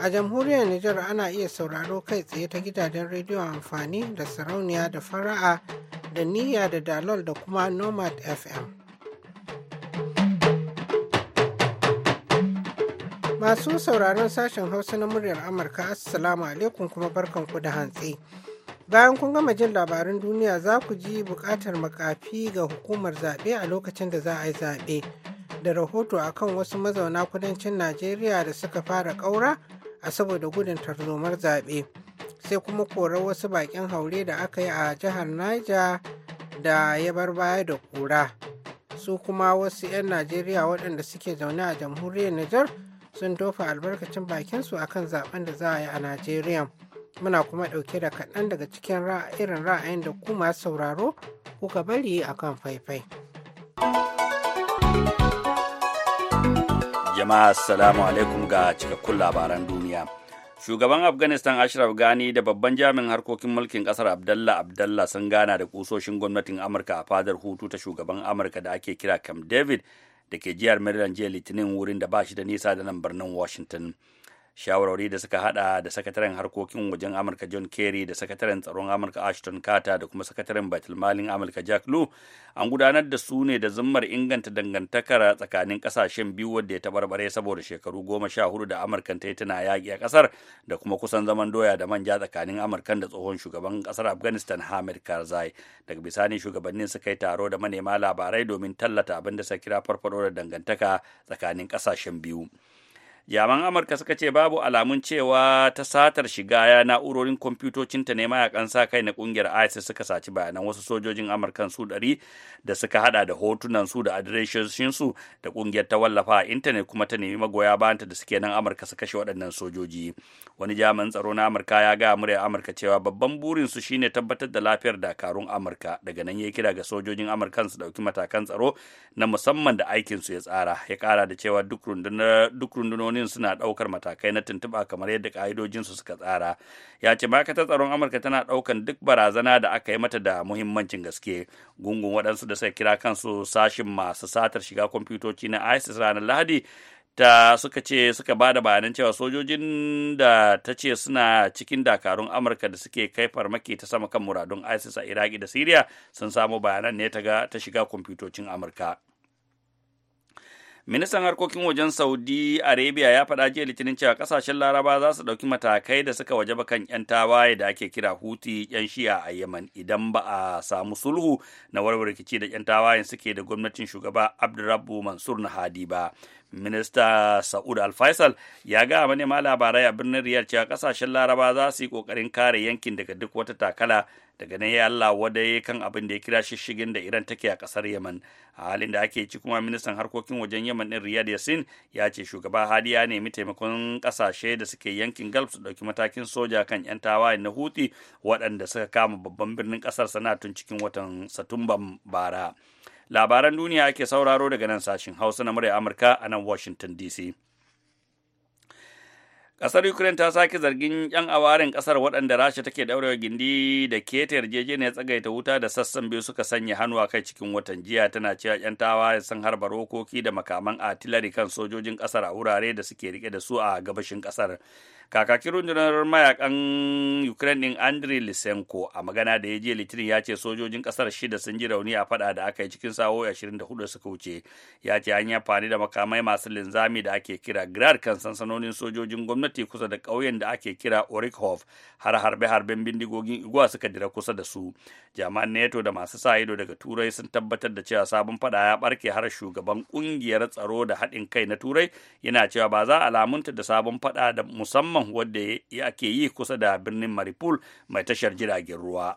A jamhuriyar Nijar ana iya sauraro kai tsaye ta gidajen rediyo amfani da sarauniya da fara'a da niyya da dalol da kuma nomad fm. Masu sauraron sashen Hausa na muryar Amurka, Assalamu alaikum kuma barkanku da hantsi. Bayan kun gama jin labarin duniya za ku ji bukatar makafi ga hukumar zaɓe a lokacin da za a yi zaɓe da rahoto akan wasu mazauna kudancin Najeriya da suka fara ƙaura a saboda gudun tarzomar zaɓe sai kuma korar wasu baƙin haure da aka yi a jihar niger da ya bar baya da kura su kuma wasu 'yan najeriya waɗanda suke zaune a jamhuriyar Nijar sun tofa albarkacin bakinsu kan zaben da za a yi a najeriya muna kuma ɗauke da kaɗan daga cikin irin ra'ayin da kuma sauraro kuka bari akan faifai. jama'a assalamu alaikum ga cikakkun labaran duniya shugaban afghanistan ashraf gani da babban jami'in harkokin mulkin kasar abdallah abdallah sun gana da kusoshin gwamnatin amurka a fadar hutu ta shugaban amurka da ake kira camp david da ke jihar maryland jiya litinin wurin da ba shi da nisa da nan birnin washington shawarwari da suka hada da sakataren harkokin wajen amurka john kerry da sakataren tsaron amurka ashton carter da kuma sakataren baitulmalin amurka jack lew an gudanar da su ne da zummar inganta dangantakar tsakanin kasashen biyu wadda ya tabarbare saboda shekaru goma sha hudu da amurkan ta yi tana yaƙi a ƙasar da kuma kusan zaman doya da manja tsakanin amurkan da tsohon shugaban kasar afghanistan hamid karzai daga bisani shugabannin suka yi taro da manema labarai domin tallata abin da suka kira farfaɗo da dangantaka tsakanin kasashen biyu. jaman amurka suka ce babu alamun cewa ta satar shiga ya na'urorin kwamfutocinta ne mayakan sa kai na kungiyar isis suka saci bayanan wasu sojojin amurkan su ɗari da suka hada da hotunan su da su da kungiyar ta wallafa a intanet kuma ta nemi magoya bayanta da suke nan amurka su kashe waɗannan sojoji wani jami'in tsaro na amurka ya ga murya amurka cewa babban burin su shine tabbatar da lafiyar dakarun amurka daga nan ya kira ga sojojin amurkan su ɗauki matakan tsaro na musamman da aikin su ya tsara ya kara da cewa duk rundunar gwamnonin suna ɗaukar matakai na tuntuɓa kamar yadda ka'idojinsu suka tsara ya ce ma'aikatar tsaron amurka tana ɗaukan duk barazana da aka yi mata da muhimmancin gaske gungun waɗansu da suka kira kansu sashin masu satar shiga kwamfutoci na isis ranar lahadi ta suka ce suka ba da bayanan cewa sojojin da ta ce suna cikin dakarun amurka da suke kai farmaki ta sama kan muradun isis a iraki da siriya sun samu bayanan ne ta shiga kwamfutocin amurka ministan harkokin wajen saudi arabia ya faɗa jiya litinin cewa kasashen laraba za su ɗauki matakai da suka waje kan 'yan tawaye da ake kira huti 'yan shi'a a yaman idan ba a samu sulhu na warware rikici da 'yan tawayen suke da gwamnatin shugaba abdurrabu mansur na hadi ba minista sa'ud alfaisal ya ga manema labarai a birnin riyadh cewa kasashen laraba za su yi kokarin kare yankin daga duk wata takala daga nan ya allah wadai kan abin da ya kira shishigin da iran take a kasar yaman a halin da ake ci kuma ministan harkokin wajen yaman din riyadh Yassin ya ce shugaba hadi ya nemi taimakon kasashe da suke yankin gulf su dauki matakin soja kan yan tawaye na huti waɗanda suka kama babban birnin kasar tun cikin watan satumban bara labaran duniya ake sauraro daga nan sashin hausa na murya amurka a nan washington dc kasar Ukraine ta sake zargin 'yan awarin kasar waɗanda Rasha take ɗaurewa gindi da keta yarjejeniyar tsagaita wuta da sassan biyu suka sanya hannu a kai cikin watan jiya tana cewa 'yan tawaye sun harba rokoki da makaman artillery kan sojojin kasar a wurare da suke rike da su a gabashin kasar. kakakin rundunar mayakan ukraine din andriy lisenko a magana da ya je litinin ya ce sojojin kasar shida sun ji rauni a fada da aka yi cikin sa'o'i 24 suka wuce ya ce an yi amfani da makamai masu linzami da ake kira grad kan sansanonin sojojin gwamnati kusa da kauyen da ake kira orikhov har harbe-harben bindigogin iguwa suka dira kusa da su jami'an neto da masu sa ido daga turai sun tabbatar da cewa sabon fada ya barke har shugaban kungiyar tsaro da haɗin kai na turai yana cewa ba za a lamunta da sabon fada da musamman marathon wadda ake yi kusa da birnin maripul mai tashar jiragen ruwa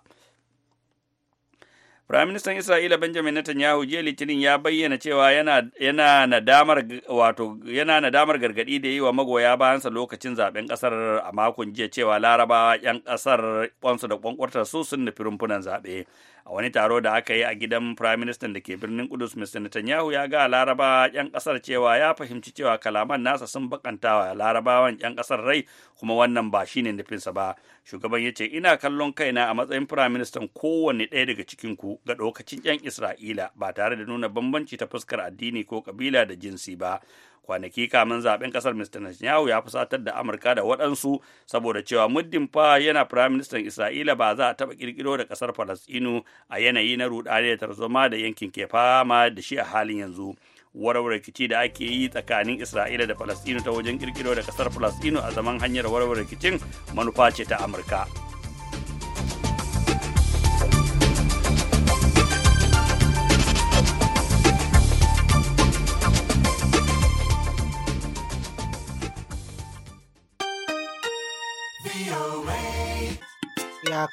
Firaministan Isra'ila Benjamin Netanyahu jiya Litinin ya bayyana cewa yana, yana nadamar wato yana nadamar gargadi da yi wa magoya bayansa lokacin zaɓen ƙasar a makon jiya cewa Larabawa 'yan kasar kwansu da kwankwartar su sun nufi rumfunan zaɓe. a wani taro da aka yi a gidan prime minister da ke birnin kudus mr netanyahu ya ga laraba yan kasar cewa ya fahimci cewa kalaman nasa sun bakantawa larabawan yan kasar rai kuma wannan ba shine nufinsa ba shugaban ya ce ina kallon kaina a matsayin prime minister kowanne ɗaya daga cikin ku ga dokacin yan isra'ila ba tare da nuna bambanci ta fuskar addini ko kabila da jinsi ba kwanaki kamin zaben kasar mr netanyahu ya fusatar da amurka da waɗansu saboda cewa muddin fa yana firayim ministan isra'ila ba za a taɓa ƙirƙiro da ƙasar falastinu a yanayi na ruɗani da tarzoma da yankin ke fama da shi a halin yanzu warware rikici da ake yi tsakanin isra'ila da falastinu ta wajen ƙirƙiro da ƙasar falastinu a zaman hanyar warware rikicin manufa ce ta amurka.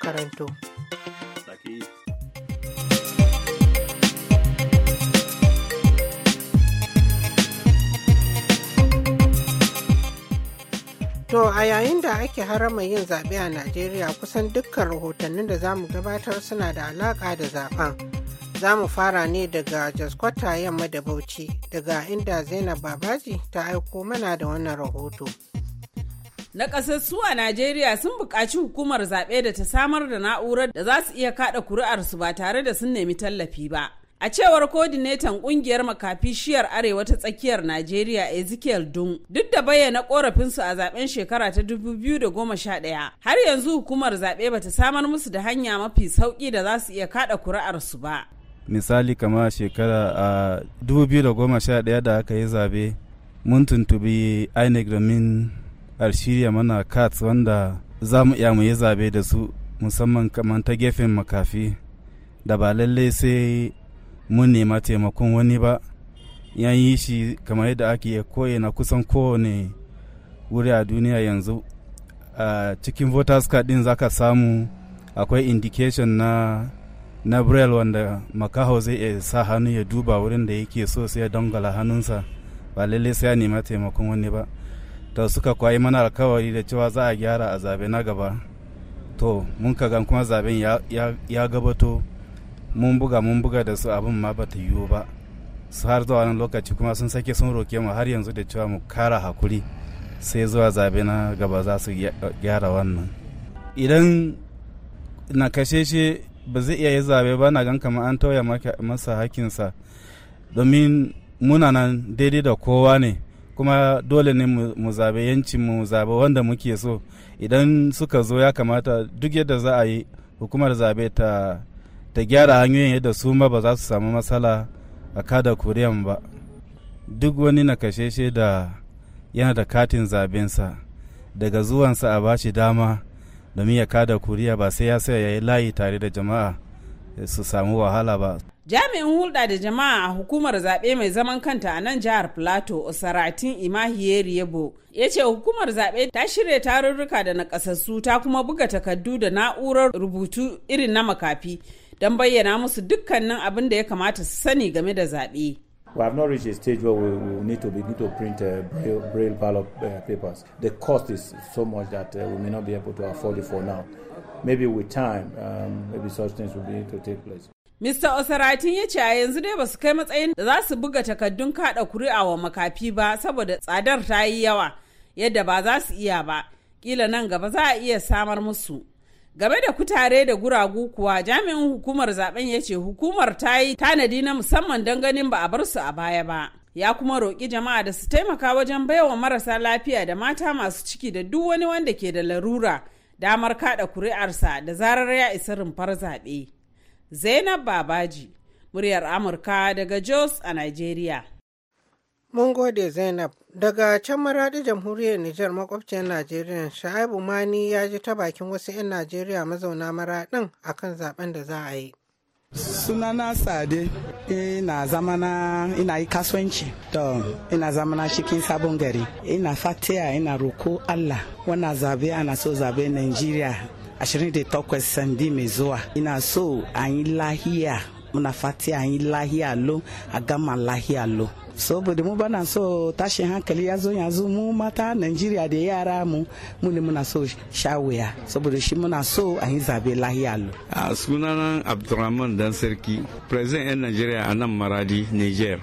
karanto. To a yayin da ake harama yin zaɓe a Najeriya kusan dukkan rahotannin da zamu gabatar suna da alaƙa da zaɓen Za mu fara ne daga Jaskwata yamma da Bauchi daga inda Zainab Babaji ta aiko mana da wannan rahoto. na ƙasassu a Najeriya sun buƙaci hukumar zaɓe da ta samar da na'urar da za su iya kaɗa kuri'arsu ba tare da sun nemi tallafi ba. A cewar kodinetan ƙungiyar makafi shiyar arewa ta tsakiyar Najeriya Ezekiel Dun, duk da bayyana su a zaben shekara ta 2011, har yanzu hukumar zaɓe bata samar musu da hanya mafi sauki da za su iya kaɗa kuri'arsu ba. Misali kama shekara a 2011 da aka yi zabe, mun tuntubi INEC domin a shirya mana kat wanda za mu iya mu yi zabe da su musamman kamar ta gefen makafi da ba lallai sai mun nema taimakon wani ba yan yi shi kamar yadda ake koye na kusan kowane wuri a duniya yanzu a cikin voters card din zaka samu akwai indication na na braille wanda makaho zai iya sa hannu ya duba wurin da yake so sai ya dangala hannunsa ba lallai sai ya nema taimakon wani ba da suka kwayi mana alkawari da cewa za a gyara a zabe na gaba to mun ka gan kuma zaben ya gabato mun buga mun buga da su abin ma ba ta yiwu ba su har zuwa wani lokaci kuma sun sake sun roke mu har yanzu da cewa mu kara hakuri sai zuwa zabe na gaba za su gyara wannan idan na kashe ba zai iya yi zabe ba na gan kama an tauya masa hakinsa domin muna nan daidai da kowa ne kuma dole ne mu zabe yanci mu zabe wanda muke so idan suka zo ya kamata duk yadda za a yi hukumar zabe ta gyara hanyoyin yadda su ma ba za su samu matsala a kada kuriyan ba duk wani na shi da yana da katin zabensa daga zuwansa a bashi dama domin ya kada kuriya ba sai ya sai ya yi layi tare da jama'a su samu wahala ba jami'in hulɗa da jama'a a hukumar zaɓe mai zaman kanta a nan jihar plato osaratin imahiyeri yabo ya ce hukumar zaɓe ta shirya tarurruka da nakasassu ta kuma buga takardu da na'urar rubutu irin na makafi don bayyana musu dukkanin abin da ya kamata su sani game da zaɓe We have not reached a stage where we, we need to begin to print uh, braille, braille ballot uh, papers. The cost is so much that uh, we may not be able to afford it for now. Maybe with time, um, maybe such things will begin to take place. Mr. Osaratin ya ce a yanzu dai ba su kai matsayin da za su buga takaddun kada kuri'a wa makafi ba saboda tsadar ta yi yawa yadda ba za su iya ba. Kila nan gaba za a iya samar musu. Game da kutare da guragu kuwa jami'in hukumar zaben ya ce hukumar ta yi tanadi na musamman don ganin ba a bar su a baya ba. Ya kuma roƙi jama'a da su taimaka wajen baiwa marasa lafiya da mata masu ciki da duk wani wanda ke da larura damar kada kuri'arsa da zarar ya isa rumfar zaɓe. Zainab Babaji, muryar Amurka daga Jos a Najeriya. Mun gode Zainab. Daga can maradi jamhuriyar Nijar makwabciyar Najeriya, Sha'ibu Mani ya ji ta bakin wasu 'yan Najeriya mazauna maraɗin akan zaben da za a yi. sunana sade ina zama na ina yi kasuwanci to ina zama na cikin sabon gari ina fatiya ina roko allah wana zabe ana so zabe Najeriya. ashirin da takwas sandi mai ina so anyi lahia lahiya muna lahia lahiya lo agama lahia lahiya lo saboda mu bana so tashin hankali ya zo yanzu mu mata Najeriya da yara mu mu ne muna so shawuya saboda shi muna so a yi zabe lahiya lo. A sunanan Abdurrahman Dan Sarki, president 'yan Najeriya a nan Maradi, Niger.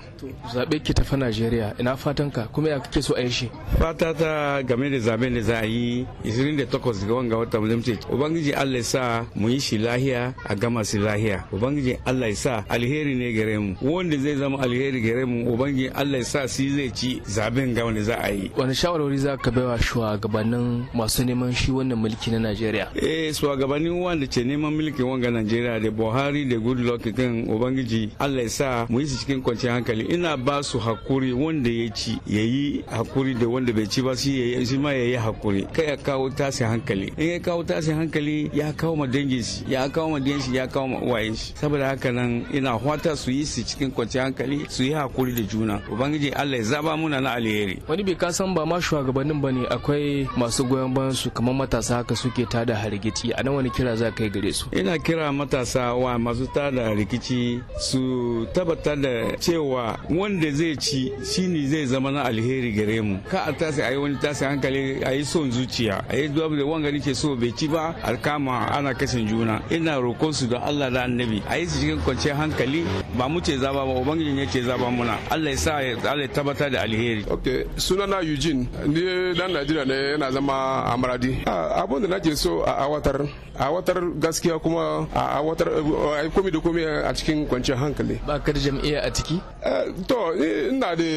Zabe ki tafi Najeriya, ina fatan ka kuma ya kake so a yi shi? Fata ta game da zabe da za a yi 28 ga wanga wata mu ce Ubangiji Allah ya sa mu yi shi lahiya a gama shi lahiya. Ubangiji Allah ya sa alheri ne gare mu. Wanda zai zama alheri gare mu Ubangiji ne Allah ya sa shi zai ci zaben ga wani za a yi wani shawarwari za ka baiwa shugabannin masu neman shi wannan mulki na Najeriya eh shugabannin wanda ke neman mulkin wanga Najeriya da Buhari da Goodluck kan ubangiji Allah ya sa mu yi cikin kwanciyar hankali ina ba su hakuri wanda ya ci yayi hakuri da wanda bai ci ba shi yayi shi ma yayi hakuri kai ya kawo tasi hankali in ya kawo tasi hankali ya kawo ma dangin shi ya kawo ma dangin shi ya kawo ma uwayen shi saboda haka nan ina fata su yi su cikin kwanciyar hankali su yi hakuri da juna muna ubangiji Allah ya zaba muna na alheri wani bai kasan ba ma shugabannin ba ne akwai masu goyon bayan su kamar matasa haka suke tada hargitsi a nan wani kira za kai gare su ina kira matasa wa masu tada rikici su tabbatar da cewa wanda zai ci shine zai zama na alheri gare mu ka a tasi ayi wani tasi hankali ayi son zuciya ayi dubu da wanga nake so bai ci ba alkama ana kashin juna ina roƙon su da Allah da annabi ayi su cikin kwanciyar hankali ba mu ce zaba ba ubangiji ne ce zaba muna Allah ya sa Allah ya tabbatar da alheri okay sunana Eugene na dan Najeriya ne yana zama a Maradi abin da nake so a awatar awatar gaskiya kuma a awatar eh, eh, komai da komai a cikin kwanciyar hankali ba ka da jam'iyya a ciki eh, to ina da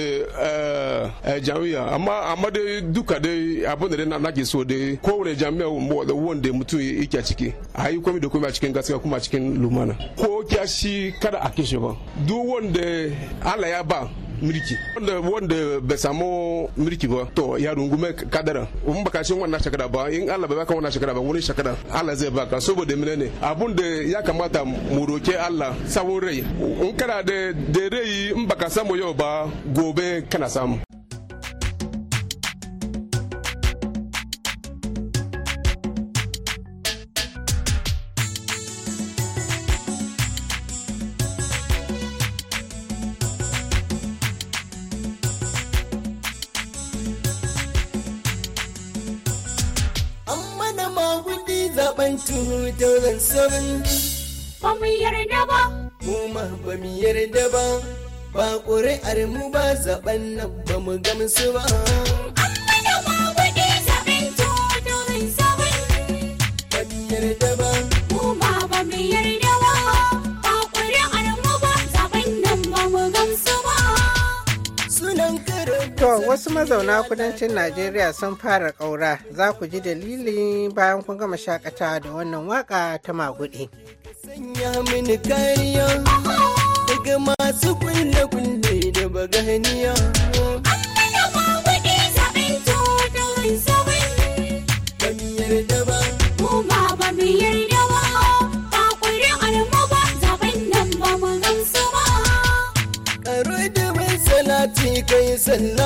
jam'iyya amma amma dai duka dai abin da na nake so dai kowane jam'iyya wanda mutum yake a ciki a yi komai da komai a cikin gaskiya kuma a cikin lumana ko kyashi kada a kashe ba duk wanda Allah ya ba mulki wanda wanda bai samu mulki ba to ya rungume kadara in baka cin wannan shekara ba in Allah bai baka wannan shekara ba wani shekara Allah zai baka saboda mene ne abun da ya kamata mu roke Allah sabon rai in kana da rai in baka samu yau ba gobe kana samu kan sabon ba mu yarda ba mu ma ba mu yarda ba ba ƙuri'ar mu ba zaben nan ba mu gamsu ba an mana ma zaben to domin sabon ba mu yarda Wasu mazauna kudancin Najeriya sun fara ƙaura za ku ji dalili bayan kun gama shakatawa da wannan waka ta maguɗi. Sanya masu kulle-kulle da baganiya.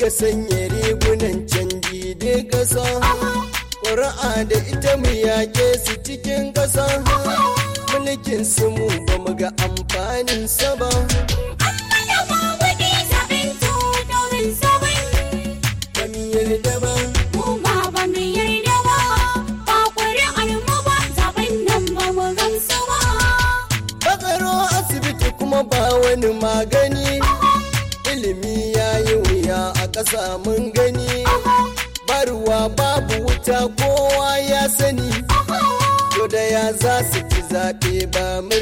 ka sanya rigunan canji da ƙasa ƙuri'a da ita mu yake su cikin ƙasa mulkin su mu ba mu ga amfanin sa ba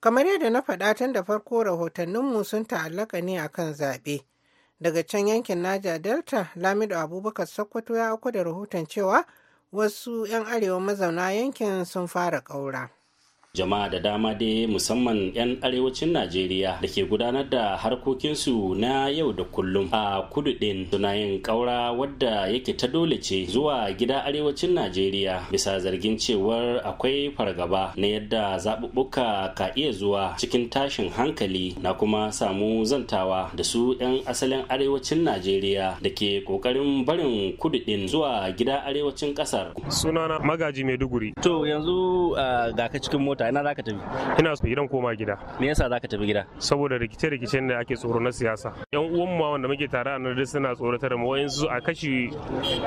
kamar yadda na faɗa tun da farko rahotanninmu sun ta'allaka ne akan zaɓe daga can yankin naja delta Lamidu, abubakar sokoto ya auku da rahoton cewa wasu 'yan arewa mazauna yankin sun fara ƙaura jama'a da dama dai musamman 'yan arewacin najeriya da ke gudanar da harkokinsu na yau da kullum a kudu ɗin suna yin ƙaura wadda yake ta dole ce zuwa gida arewacin najeriya bisa zargin cewar akwai fargaba na yadda zaɓuɓɓuka ka iya zuwa cikin tashin hankali na kuma samu zantawa da su 'yan asalin arewacin najeriya da ke ƙoƙarin barin kudu ɗin zuwa gida arewacin ƙasar sunana magaji maiduguri to yanzu ah, ga ka cikin mota ina ina ka tafi ina so gidan koma gida me yasa za ka tafi gida saboda rikice-rikicen da ake tsoro na siyasa yan uwan mu wanda muke tare a nan suna tsoratar mu wayansu a kashi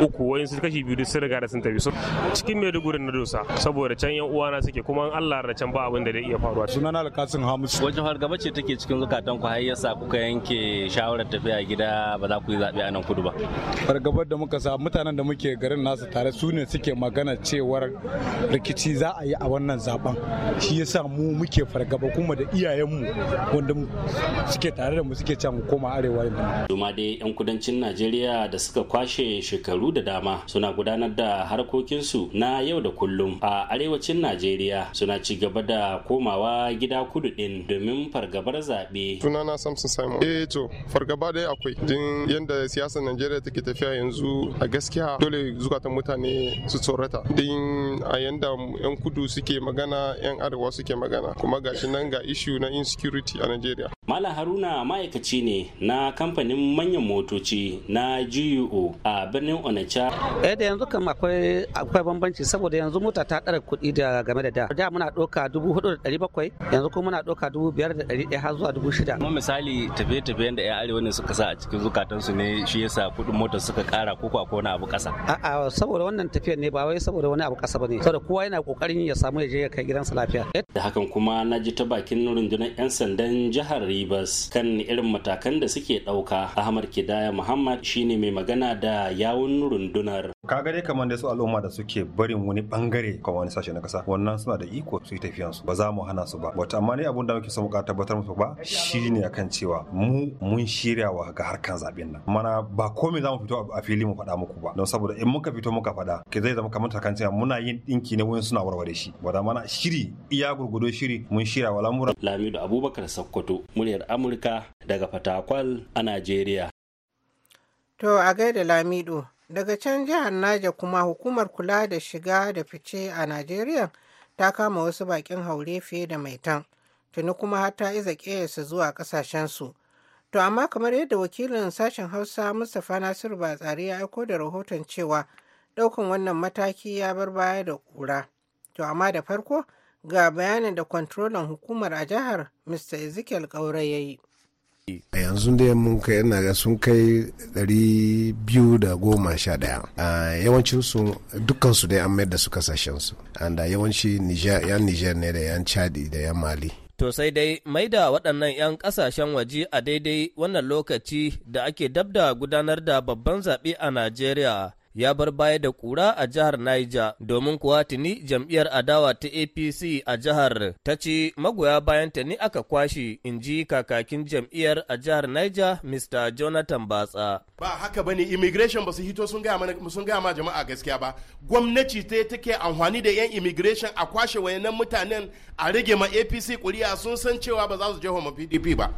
uku wayansu kashi biyu sun riga da sun tafi so cikin Maiduguri na dosa saboda can yan uwana suke kuma Allah da can ba abin da zai iya faruwa sunan alkasin Hamisu wajen fargaba ce take cikin zukatan ku har yasa kuka yanke shawarar tafiya gida ba za ku yi zabe a nan kudu ba fargabar da muka sa mutanen da muke garin nasu tare su ne suke magana cewar rikici za a yi a wannan zaben shi ya sa mu muke fargaba kuma da iyayenmu wanda suke tare da mu suke cewa mu koma arewa yanzu doma dai yan kudancin Najeriya da suka kwashe shekaru da dama suna gudanar da harkokinsu na yau da kullum a arewacin Najeriya suna ci gaba da komawa gida kudu din domin fargabar zaɓe. Sunana Samson Simon. Eh to fargaba dai akwai din yanda siyasar Najeriya take tafiya yanzu a gaskiya dole zukatan mutane su tsorata. Din a yanda yan kudu suke magana 'yan arewa suke magana kuma gashi nan ga ishu na insecurity a Najeriya. Malam Haruna ma'aikaci ne na kamfanin manyan motoci na GUO a birnin Onitsha. Eh da yanzu kam akwai akwai bambanci saboda yanzu mota ta ɗara kuɗi da game da da. Da muna ɗauka dubu hudu da bakwai yanzu kuma muna ɗauka dubu biyar da ɗari har zuwa dubu shida. Kuma misali tafiye-tafiyen da 'yan arewa ne suka sa a cikin zukatansu ne shi yasa kuɗin motar suka ƙara ko akwai wani abu ƙasa. A'a saboda wannan tafiyar ne ba wai saboda wani abu ƙasa ba ne. Saboda kowa yana ƙoƙarin ya samu ya je ya kai gidansa lafiya. Da hakan kuma na ji ta bakin rundunar 'yan sandan jihar Rivers kan irin matakan da suke ɗauka. Ahmad Kidaya Muhammad shine mai magana da yawun rundunar. Ka ga dai kamar da su al'umma da suke barin wani bangare ko wani sashe na kasa wannan suna da iko su yi tafiyan su ba za mu hana su ba wata amma ne abun da muke so mu tabbatar musu ba shine akan cewa mu mun shiryawa ga harkan zaben nan mana ba komai za mu fito a fili mu faɗa muku ba don saboda in muka fito muka faɗa ke zai zama kamar takan cewa muna yin dinki ne wani suna warware shi da mana shiri iya gurgudo shiri mun shirya wa lamuran Lamido Abubakar Sokoto muryar Amurka daga Fatakwal a Najeriya To a gaida Lamido daga can jihar naja kuma hukumar kula da shiga da fice a najeriya ta kama wasu bakin haure fiye da maitan tuni kuma har ta iza su zuwa kasashensu to amma kamar yadda wakilin sashen hausa mustapha nasiru batsari ya aiko da rahoton cewa daukan wannan mataki ya bar baya da kura to amma da farko ga bayanin da kwantrolan hukumar a jihar mr ezekiel kaurayayi ya a yanzu da mun kai yana ga sun kai 211 yawancin su dukkan su dai an mayar da su kasashen su da yawanci yan niger ne da yan chadi da yan mali To sai dai mai da waɗannan 'yan ƙasashen waje a daidai wannan lokaci da ake dabda gudanar da babban zaɓe a Najeriya ya bar baya da kura a jihar Niger domin kuwa tuni jam'iyyar adawa ta APC a jihar ta ce magoya bayanta ne aka kwashe in ji kakakin jam'iyyar a jihar Niger Mr. Jonathan Batsa. Ba haka bane immigration ba su hito sun gaya ma jama'a gaskiya ba gwamnati ta take amfani da 'yan immigration a kwashe wayannan mutanen a rage ma APC kuri'a sun san cewa ba za su je ma PDP ba.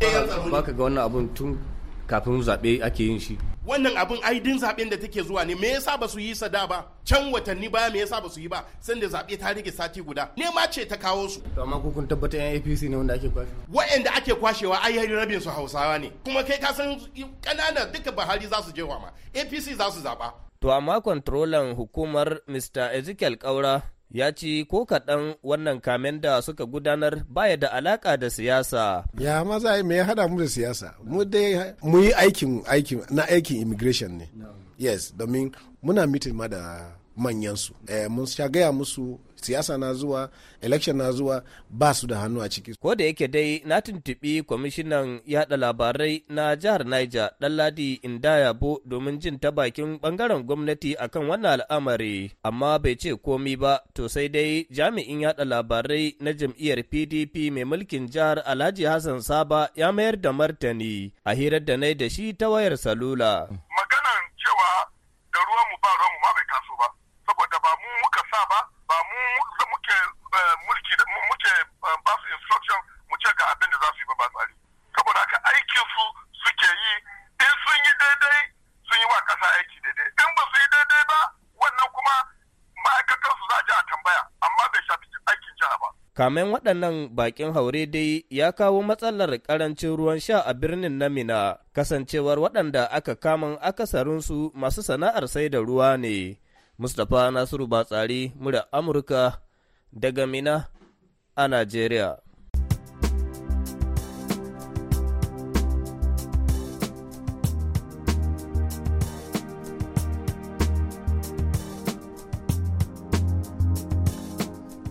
Ba ka ga wannan abun tun kafin zaɓe ake yin shi wannan abin aidin zaɓen da take zuwa ne me yasa ba su yi sada ba can watanni baya me yasa ba su yi ba sanda zaɓe ta rage sati guda nema ce ta kawo su to amma kun tabbata yan APC ne wanda ake kwashe wa'anda ake kwashewa ai har rabin su Hausawa ne kuma kai ka san kanana duka Buhari za su je wa ma APC za su zaba to amma kontrolan hukumar Mr Ezekiel Kaura ya ci ko kaɗan wannan kamen da suka gudanar baya da alaƙa da siyasa. Ya maza me ya hada mu da siyasa? Mu dai mu yi aikin na aikin immigration ne. Yes, domin muna mitin ma da manyansu. Eh, mun sha gaya musu siyasa na zuwa election na zuwa ba su da hannu a ciki ko da yake dai na tuntuɓi kwamishinan yada labarai na jihar Niger Ɗanladi Indayabo domin jin ta bakin bangaren gwamnati akan wannan al'amari amma bai ce komi ba to sai dai jami'in yada labarai na jam'iyyar PDP mai mulkin jihar Alhaji Hassan Saba ya mayar da martani a hirar da na da shi ta wayar salula maganan cewa da ruwan mu ba ruwan mu ma bai taso ba saboda ba mu ba ba mu muke eh, mulki muke eh, ba su instruction mu ce ga abin da za su yi ba ba tsari saboda haka aikin su suke yi in sun yi daidai sun yi wa kasa aiki daidai in ba su yi daidai ba wannan kuma ma'aikatan su za a ji a tambaya amma bai shafi aikin jiha ba kamen waɗannan bakin haure dai ya kawo matsalar ƙarancin ruwan sha a birnin na Mina, kasancewar waɗanda aka kamun akasarinsu masu sana'ar sai da ruwa ne, Mustapha Nasiru Batsari, murya Amurka daga Mina a Najeriya.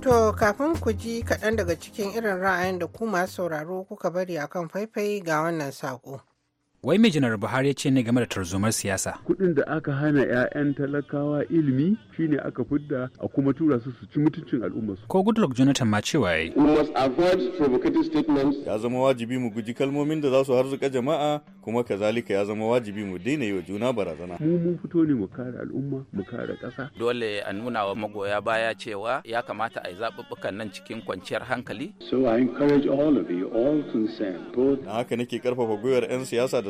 To kafin ku ji kaɗan daga cikin irin ra'ayin da ku masu sauraro kuka bari akan faifai ga wannan saƙo. Wai mai janar Buhari ya ce ne game da tarzomar siyasa. Kuɗin da aka hana 'ya'yan talakawa ilimi shine aka fidda a kuma tura su su ci mutuncin al'umma Ko Goodluck Jonathan ma cewa waye? We Ya zama wajibi mu guji kalmomin da za su harzuka jama'a kuma kazalika ya zama wajibi mu daina yi wa juna barazana. Mu mun fito ne mu kare al'umma mu kare ƙasa. Dole a nuna wa magoya baya cewa ya kamata a yi zaɓuɓɓukan nan cikin kwanciyar hankali. So I encourage all of you all concerned. Both... Na haka nake karfafa gwiwar 'yan siyasa da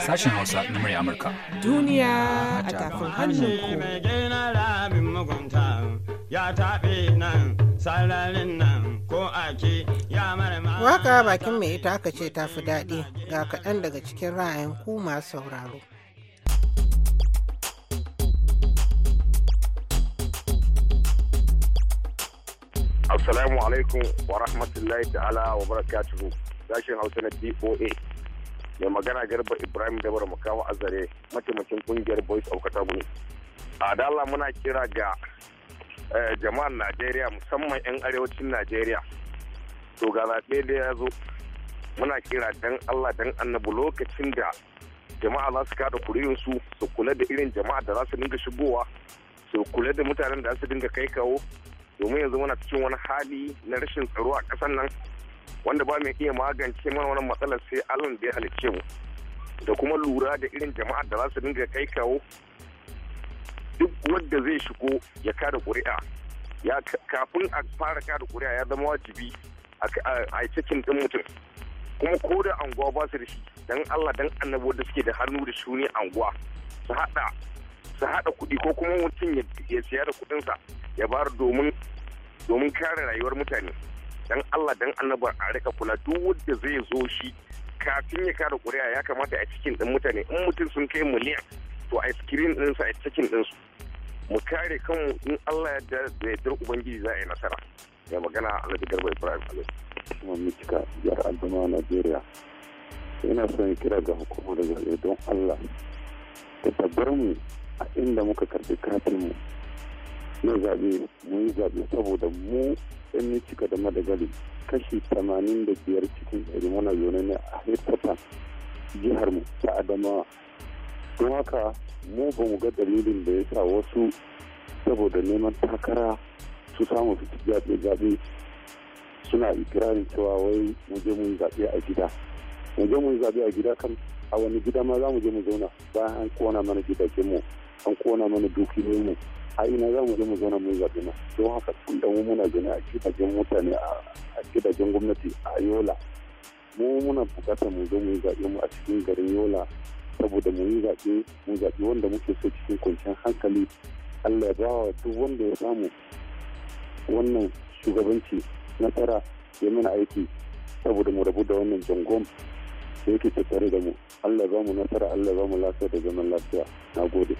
sashen Hausa na murya Amurka. Duniya a tafin mugunta Ya taɓe nan, sararin nan, ko ake ya ma Waka bakin mai ita aka ce ta fi daɗi ga kaɗan daga cikin ra'ayin ku masu sauraro. Assalamu alaikum wa rahmatullahi ta'ala wa barakatuhu. Sashen Hausa na DOA. mai magana garba ibrahim dabar mukawa azare mataimakin kungiyar boys of kataguni a dala muna kira ga eh, jama'ar najeriya musamman 'yan arewacin najeriya to ga zaɓe da ya zo muna kira dan allah dan annabu lokacin da jama'a za su kada kuriyinsu su kula da irin jama'a da za su dinga shigowa su kula da mutanen da za su dinga kai kawo domin yanzu muna cikin wani hali na rashin tsaro a ƙasar nan wanda ba mai iya magance mana wannan matsalar sai allah da ya halicce mu da kuma lura da irin jama'a da za su dinga kai kawo duk wanda zai shigo ya kada ƙuri'a ya kafin a fara kada ƙuri'a ya zama wajibi a cikin ɗin mutum kuma ko da anguwa ba su da shi dan Allah dan annabo da suke da hannu da shuni anguwa su hada su hada kuɗi ko kuma mutum ya siya da kuɗinsa ya bar domin domin kare rayuwar mutane dan Allah dan annabar a rika kula duk wanda zai zo shi kafin ya kada kuri'a ya kamata a cikin din mutane in mutum sun kai miliyan to a screen din su a cikin din su mu kare kanmu in Allah ya da da ubangiji za a yi nasara ya magana Alhaji Garba Ibrahim Alhaji kuma Michika jihar Adamawa Najeriya ina son kira ga hukumar da don Allah ta tabbar mu a inda muka karbi katin mu na zaɓe mu yi zaɓe saboda mu in ni cika da madagali kashi tamanin da biyar cikin ɗari muna zaune ne a headquarter jihar mu ta adama don haka mu ba mu ga dalilin da ya sa wasu saboda neman takara su samu fiti zaɓe zaɓe suna ikirarin cewa wai mu je mun zaɓe a gida mu je mun zaɓe a gida kan a wani gida ma za mu je mu zauna bayan an kona mana gidajen mu an kona mana dukiyoyin mu a ina za mu je mu zauna mu zaɓe na don haka tun da mu muna gani a gidajen mutane a gidajen gwamnati a yola mu muna bukatar mu zo mu yi zaɓe mu a cikin garin yola saboda mu yi zaɓe mu zaɓe wanda muke so cikin kwanciyar hankali allah ya wa duk wanda ya samu wannan shugabanci nasara ya mana aiki saboda mu rabu da wannan jangon da yake tattare da mu allah ya ba mu nasara allah ya ba mu lafiya da zaman lafiya na gode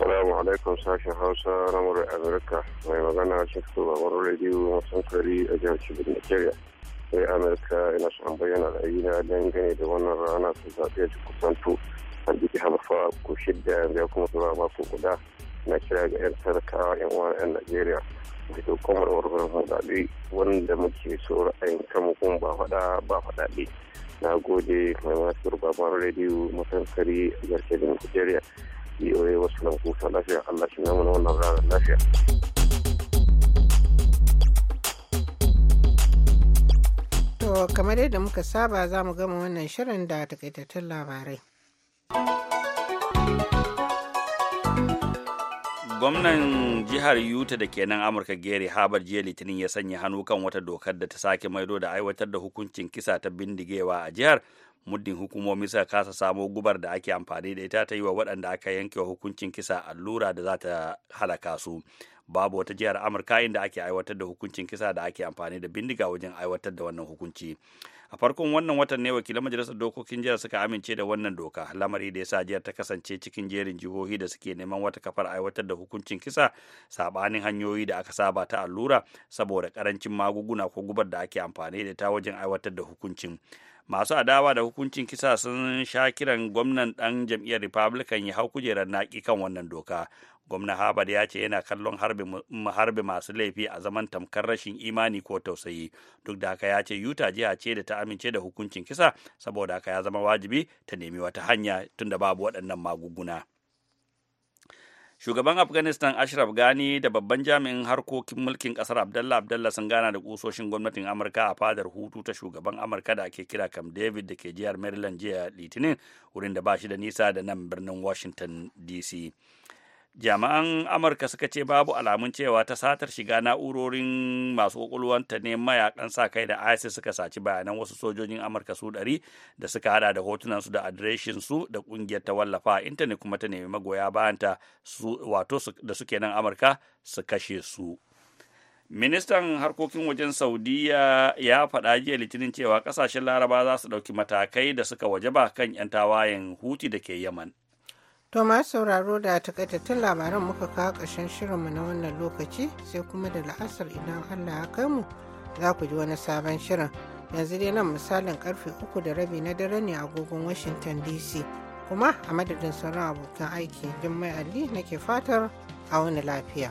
salamu alaikum sashen Hausa na murar Amurka mai magana shi wani rediyo masan sankari a jihar Cibin Nigeria. Sai Amurka ina an bayyana ra'ayina dangane da wannan rana su zaɓe da kusanto an jiki hamafa ko shidda yanzu kuma zuwa mako guda na kira ga 'yan talakawa 'yan uwa 'yan Najeriya. Mai dokon warwarar mu zaɓe wanda muke so ra'ayin kama kuma ba faɗa ba faɗaɗe. Na gode mai masu baban rediyo masankari a jihar Nigeria. BOA wasu nan kuta lafiya Allah shi ne mana wannan ranar lafiya. To kamar yadda muka saba za mu gama wannan shirin da takaitattun labarai. gwamnan jihar utah da ke nan amurka gary harvard jiya litinin ya sanya hannu kan wata dokar da ta sake maido da aiwatar da hukuncin kisa ta bindigewa a jihar muddin hukumomi suka kasa samo gubar da ake amfani da ita ta yi wa waɗanda aka yanke hukuncin kisa allura da za ta halaka su babu wata jihar amurka inda ake aiwatar da hukuncin kisa da ake amfani da bindiga wajen aiwatar da wannan hukunci a farkon wannan watan ne wakilan majalisar dokokin jihar suka amince da wannan doka lamari da yasa jihar ta kasance cikin jerin jihohi da suke neman wata kafar aiwatar da hukuncin kisa sabanin hanyoyi da aka saba ta allura saboda karancin magunguna ko gubar da ake amfani da ta wajen aiwatar da hukuncin masu adawa da hukuncin kisa sun sha kiran gwamnan ɗan jam'iyyar republican ya hau kujerar naki kan wannan doka gwamnan harvard ya ce yana kallon harbe masu laifi a zaman tamkar rashin imani ko tausayi duk da haka ya ce utah jiha ce da ta amince da hukuncin kisa saboda haka ya zama wajibi ta nemi wata hanya tunda babu waɗannan magunguna. shugaban afghanistan ashraf gani da babban jami'in harkokin mulkin kasar abdallah abdallah sun gana da kusoshin gwamnatin amurka a fadar hutu ta shugaban amurka da ake kira kam david da ke jihar maryland jiya litinin wurin da ba shi da nisa da nan birnin washington dc jami'an amurka suka ce babu alamun cewa ta satar shiga na'urorin masu kwakwalwanta ne mayakan sa kai da isis suka saci bayanan wasu sojojin amurka su ɗari da suka hada da hotunansu da adireshin su da kungiyar ta wallafa a intanet kuma ta nemi magoya bayanta wato da suke nan amurka su kashe su ministan harkokin wajen saudiya ya faɗa jiya litinin cewa ƙasashen laraba za su ɗauki matakai da suka waje ba kan 'yan tawayen huti da ke yaman To ma sauraro da takaitattun labaran muka kawo ƙarshen shirinmu na wannan lokaci sai kuma da la'asar idan Allah ya kai mu za ku ji wani sabon shirin. Yanzu dai nan misalin karfe uku da rabi na dare ne a agogon Washington DC. Kuma a madadin sauran abokan aiki Jummai Ali nake fatar a wani lafiya.